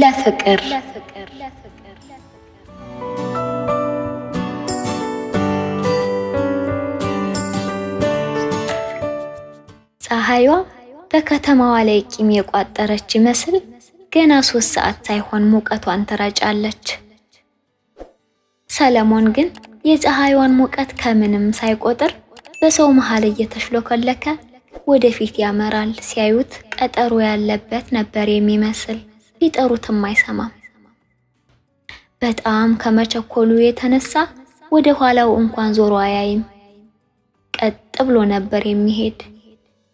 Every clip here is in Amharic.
ለፍቅር ፀሐይዋ በከተማዋ ላይ ቂም የቋጠረች ይመስል ገና ሶስት ሰዓት ሳይሆን ሙቀቷን ትረጫለች። ሰለሞን ግን የፀሐይዋን ሙቀት ከምንም ሳይቆጥር በሰው መሃል እየተሽሎከለከ ወደፊት ያመራል። ሲያዩት ቀጠሮ ያለበት ነበር የሚመስል። ሊጠሩትም አይሰማም። በጣም ከመቸኮሉ የተነሳ ወደ ኋላው እንኳን ዞሮ አያይም። ቀጥ ብሎ ነበር የሚሄድ።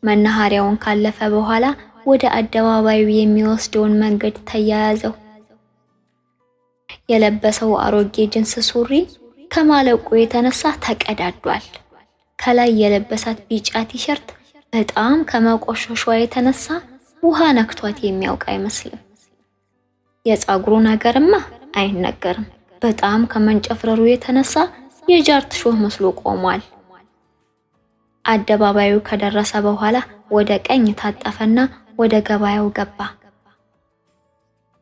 መናኸሪያውን ካለፈ በኋላ ወደ አደባባዩ የሚወስደውን መንገድ ተያያዘው። የለበሰው አሮጌ ጅንስ ሱሪ ከማለቁ የተነሳ ተቀዳዷል። ከላይ የለበሳት ቢጫ ቲሸርት በጣም ከመቆሸሿ የተነሳ ውሃ ነክቷት የሚያውቅ አይመስልም። የፀጉሩ ነገርማ አይነገርም። በጣም ከመንጨፍረሩ የተነሳ የጃርት ሾህ መስሎ ቆሟል። አደባባዩ ከደረሰ በኋላ ወደ ቀኝ ታጠፈና ወደ ገበያው ገባ።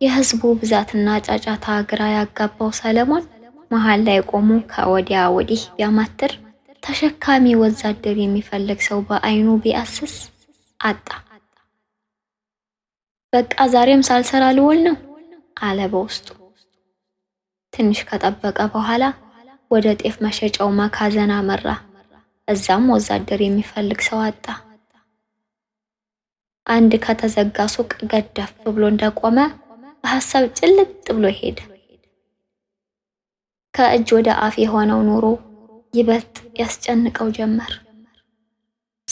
የህዝቡ ብዛትና ጫጫታ ግራ ያጋባው ሰለሞን መሃል ላይ ቆሞ ከወዲያ ወዲህ ቢያማትር ተሸካሚ ወዛደር የሚፈልግ ሰው በአይኑ ቢያስስ አጣ። በቃ ዛሬም ሳልሰራ ልውል ነው አለ በውስጡ። ትንሽ ከጠበቀ በኋላ ወደ ጤፍ መሸጫው መካዘን አመራ። እዛም ወዛደር የሚፈልግ ሰው አጣ። አንድ ከተዘጋ ሱቅ ገደፍ ብሎ እንደቆመ በሐሳብ ጭልጥ ብሎ ሄደ። ከእጅ ወደ አፍ የሆነው ኑሮ ይበልጥ ያስጨንቀው ጀመር።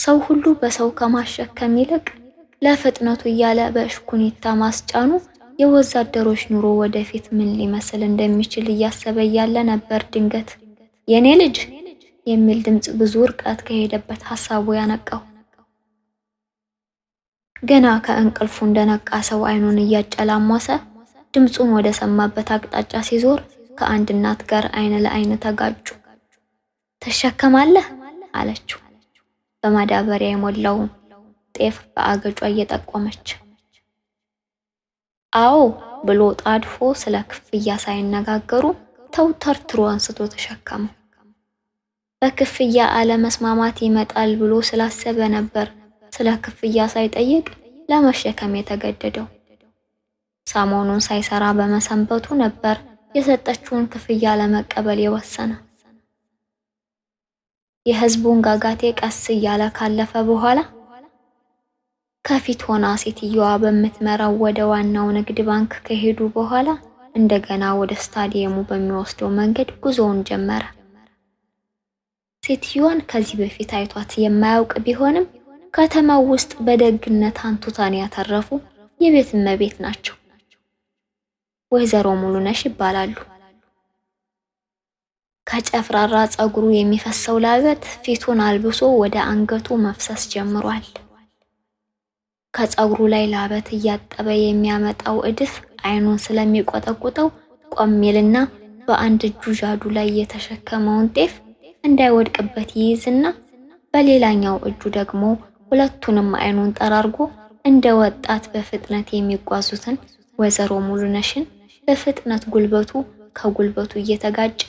ሰው ሁሉ በሰው ከማሸከም ይልቅ ለፍጥነቱ እያለ በእሽኩኒታ ማስጫኑ የወዛደሮች ኑሮ ወደፊት ምን ሊመስል እንደሚችል እያሰበ እያለ ነበር ድንገት የእኔ ልጅ የሚል ድምፅ ብዙ ርቀት ከሄደበት ሀሳቡ ያነቃው። ገና ከእንቅልፉ እንደነቃ ሰው አይኑን እያጨላሟሰ ድምፁን ወደ ሰማበት አቅጣጫ ሲዞር ከአንድ እናት ጋር አይን ለአይን ተጋጩ። ትሸከማለህ አለችው በማዳበሪያ የሞላው ጤፍ በአገጯ እየጠቆመች። አዎ ብሎ ጣድፎ ስለ ክፍያ ሳይነጋገሩ ተውተርትሮ አንስቶ ተሸከመው። በክፍያ አለመስማማት ይመጣል ብሎ ስላሰበ ነበር ስለ ክፍያ ሳይጠይቅ ለመሸከም የተገደደው። ሰሞኑን ሳይሰራ በመሰንበቱ ነበር የሰጠችውን ክፍያ ለመቀበል የወሰነ። የህዝቡን ጋጋቴ ቀስ እያለ ካለፈ በኋላ ከፊት ሆና ሴትየዋ በምትመራው ወደ ዋናው ንግድ ባንክ ከሄዱ በኋላ እንደገና ወደ ስታዲየሙ በሚወስደው መንገድ ጉዞውን ጀመረ። ሴትዮዋን ከዚህ በፊት አይቷት የማያውቅ ቢሆንም ከተማው ውስጥ በደግነት አንቱታን ያተረፉ የቤት እመቤት ናቸው። ወይዘሮ ሙሉነሽ ይባላሉ። ከጨፍራራ ፀጉሩ የሚፈሰው ላበት ፊቱን አልብሶ ወደ አንገቱ መፍሰስ ጀምሯል። ከፀጉሩ ላይ ላበት እያጠበ የሚያመጣው እድፍ አይኑን ስለሚቆጠቁጠው ቆም ይልና በአንድ እጁ ዣዱ ላይ የተሸከመውን ጤፍ እንዳይወድቅበት ይይዝና በሌላኛው እጁ ደግሞ ሁለቱንም አይኑን ጠራርጎ እንደ ወጣት በፍጥነት የሚጓዙትን ወይዘሮ ሙሉነሽን በፍጥነት ጉልበቱ ከጉልበቱ እየተጋጨ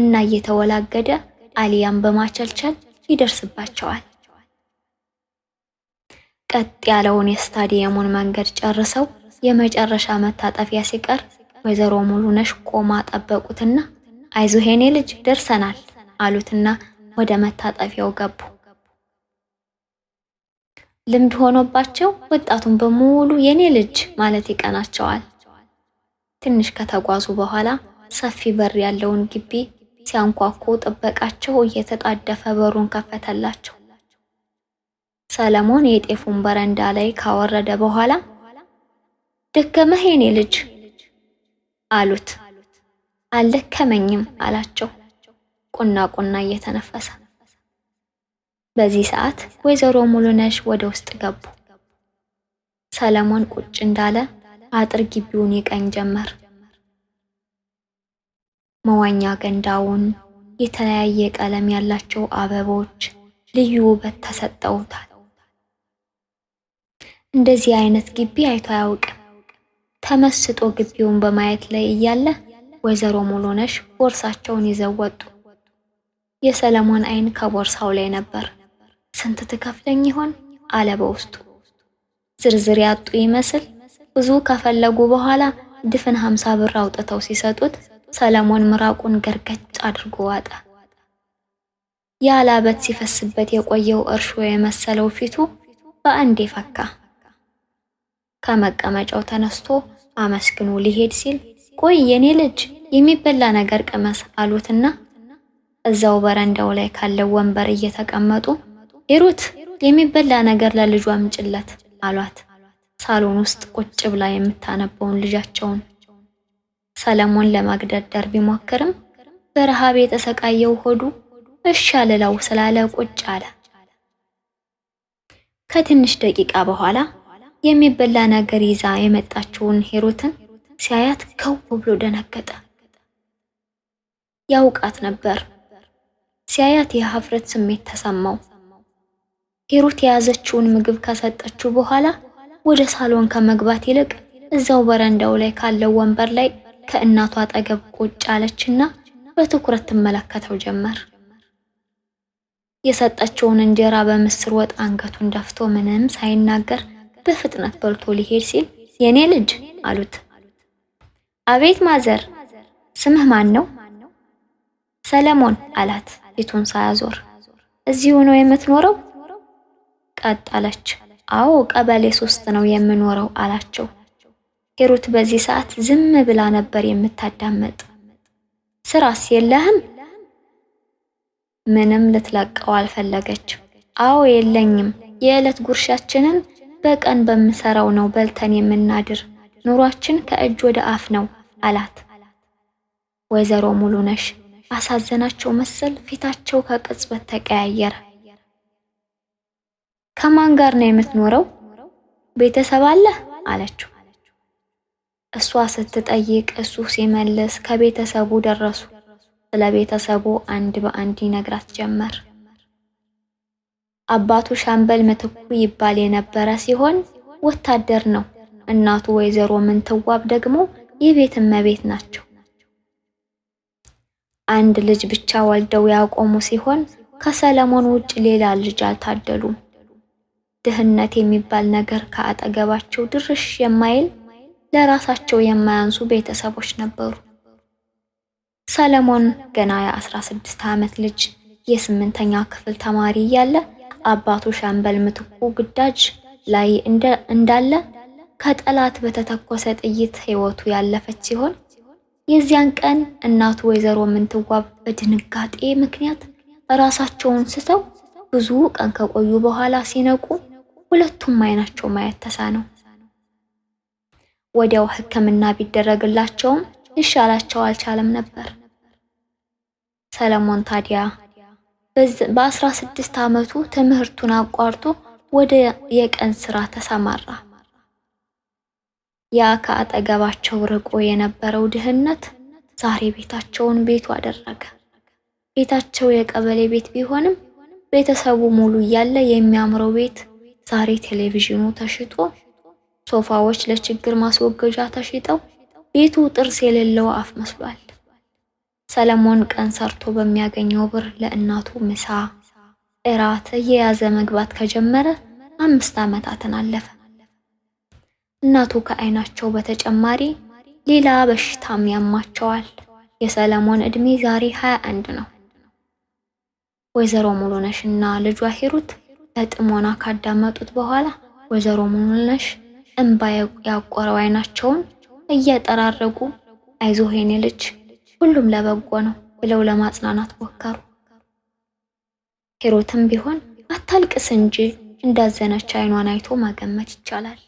እና እየተወላገደ አሊያም በማቸልቸል ይደርስባቸዋል። ቀጥ ያለውን የስታዲየሙን መንገድ ጨርሰው የመጨረሻ መታጠፊያ ሲቀር ወይዘሮ ሙሉነሽ ቆማ ጠበቁትና አይዞ የኔ ልጅ ደርሰናል አሉትና ወደ መታጠፊያው ገቡ። ልምድ ሆኖባቸው ወጣቱን በሙሉ የኔ ልጅ ማለት ይቀናቸዋል። ትንሽ ከተጓዙ በኋላ ሰፊ በር ያለውን ግቢ ሲያንኳኩ ጥበቃቸው እየተጣደፈ በሩን ከፈተላቸው። ሰለሞን የጤፉን በረንዳ ላይ ካወረደ በኋላ ደከመህ የኔ ልጅ አሉት። አልደከመኝም አላቸው ቁና ቁና እየተነፈሰ። በዚህ ሰዓት ወይዘሮ ሙሉነሽ ወደ ውስጥ ገቡ። ሰለሞን ቁጭ እንዳለ አጥር ግቢውን ይቀኝ ጀመር። መዋኛ ገንዳውን፣ የተለያየ ቀለም ያላቸው አበቦች ልዩ ውበት ተሰጠውታል። እንደዚህ አይነት ግቢ አይቶ አያውቅም። ተመስጦ ግቢውን በማየት ላይ እያለ ወይዘሮ ሙሉነሽ ቦርሳቸውን ይዘው ወጡ። የሰለሞን አይን ከቦርሳው ላይ ነበር። ስንት ትከፍለኝ ይሆን አለ በውስጡ። ዝርዝር ያጡ ይመስል ብዙ ከፈለጉ በኋላ ድፍን ሀምሳ ብር አውጥተው ሲሰጡት ሰለሞን ምራቁን ገርገጭ አድርጎ ዋጠ። ያላበት ሲፈስበት የቆየው እርሾ የመሰለው ፊቱ በአንዴ ፈካ። ከመቀመጫው ተነስቶ አመስግኖ ሊሄድ ሲል ቆይ የኔ ልጅ የሚበላ ነገር ቅመስ አሉትና እዛው በረንዳው ላይ ካለው ወንበር እየተቀመጡ ሂሩት የሚበላ ነገር ለልጁ አምጭለት አሏት። ሳሎን ውስጥ ቁጭ ብላ የምታነበውን ልጃቸውን ሰለሞን ለማግደርደር ቢሞክርም በረሃብ የተሰቃየው ሆዱ እሺ አልለው ስላለ ቁጭ አለ። ከትንሽ ደቂቃ በኋላ የሚበላ ነገር ይዛ የመጣችውን ሄሮትን ሲያያት ከው ብሎ ደነገጠ። ያውቃት ነበር። ሲያያት የሀፍረት ስሜት ተሰማው። ሄሮት የያዘችውን ምግብ ከሰጠችው በኋላ ወደ ሳሎን ከመግባት ይልቅ እዛው በረንዳው ላይ ካለው ወንበር ላይ ከእናቷ አጠገብ ቁጭ አለችና በትኩረት ትመለከተው ጀመር። የሰጠችውን እንጀራ በምስር ወጥ አንገቱን ደፍቶ ምንም ሳይናገር በፍጥነት በልቶ ሊሄድ ሲል የኔ ልጅ አሉት። አቤት ማዘር፣ ስምህ ማን ነው? ሰለሞን አላት ፊቱን ሳያዞር። እዚሁ ነው የምትኖረው? ቀጠለች። አዎ ቀበሌ ሶስት ነው የምኖረው አላቸው። ሂሩት በዚህ ሰዓት ዝም ብላ ነበር የምታዳመጥ። ስራስ የለህም? ምንም ልትለቀው አልፈለገች። አዎ የለኝም። የዕለት ጉርሻችንን በቀን በምሰራው ነው በልተን የምናድር፣ ኑሯችን ከእጅ ወደ አፍ ነው አላት። ወይዘሮ ሙሉነሽ አሳዘናቸው መሰል ፊታቸው ከቅጽበት ተቀያየረ። ከማን ጋር ነው የምትኖረው? ቤተሰብ አለ አለችው። እሷ ስትጠይቅ እሱ ሲመልስ ከቤተሰቡ ደረሱ። ስለ ቤተሰቡ አንድ በአንድ ይነግራት ጀመር። አባቱ ሻምበል ምትኩ ይባል የነበረ ሲሆን ወታደር ነው። እናቱ ወይዘሮ ምንትዋብ ደግሞ የቤት እመቤት ናቸው። አንድ ልጅ ብቻ ወልደው ያቆሙ ሲሆን ከሰለሞን ውጭ ሌላ ልጅ አልታደሉም። ድህነት የሚባል ነገር ከአጠገባቸው ድርሽ የማይል ለራሳቸው የማያንሱ ቤተሰቦች ነበሩ። ሰለሞን ገና የ16 ዓመት ልጅ የስምንተኛ ክፍል ተማሪ እያለ አባቱ ሻምበል ምትኩ ግዳጅ ላይ እንዳለ ከጠላት በተተኮሰ ጥይት ህይወቱ ያለፈች ሲሆን የዚያን ቀን እናቱ ወይዘሮ ምንትዋብ በድንጋጤ ምክንያት ራሳቸውን ስተው ብዙ ቀን ከቆዩ በኋላ ሲነቁ ሁለቱም አይናቸው ማየት ተሳነው። ወዲያው ሕክምና ቢደረግላቸውም ሊሻላቸው አልቻለም ነበር። ሰለሞን ታዲያ በአስራ ስድስት ዓመቱ ትምህርቱን አቋርጦ ወደ የቀን ስራ ተሰማራ። ያ ከአጠገባቸው ርቆ የነበረው ድህነት ዛሬ ቤታቸውን ቤቱ አደረገ። ቤታቸው የቀበሌ ቤት ቢሆንም ቤተሰቡ ሙሉ እያለ የሚያምረው ቤት ዛሬ ቴሌቪዥኑ ተሽጦ፣ ሶፋዎች ለችግር ማስወገጃ ተሽጠው ቤቱ ጥርስ የሌለው አፍ መስሏል። ሰለሞን ቀን ሰርቶ በሚያገኘው ብር ለእናቱ ምሳ፣ እራት እየያዘ መግባት ከጀመረ አምስት ዓመታትን አለፈ። እናቱ ከአይናቸው በተጨማሪ ሌላ በሽታም ያማቸዋል። የሰለሞን ዕድሜ ዛሬ 21 ነው። ወይዘሮ ሙሉነሽ እና ልጇ ሂሩት በጥሞና ካዳመጡት በኋላ ወይዘሮ ሙሉነሽ እንባ ያቆረው አይናቸውን እየጠራረጉ አይዞህ የኔ ልጅ ሁሉም ለበጎ ነው ብለው ለማጽናናት ሞከሩ። ሄሮትም ቢሆን አታልቅስ እንጂ እንዳዘነች አይኗን አይቶ መገመት ይቻላል።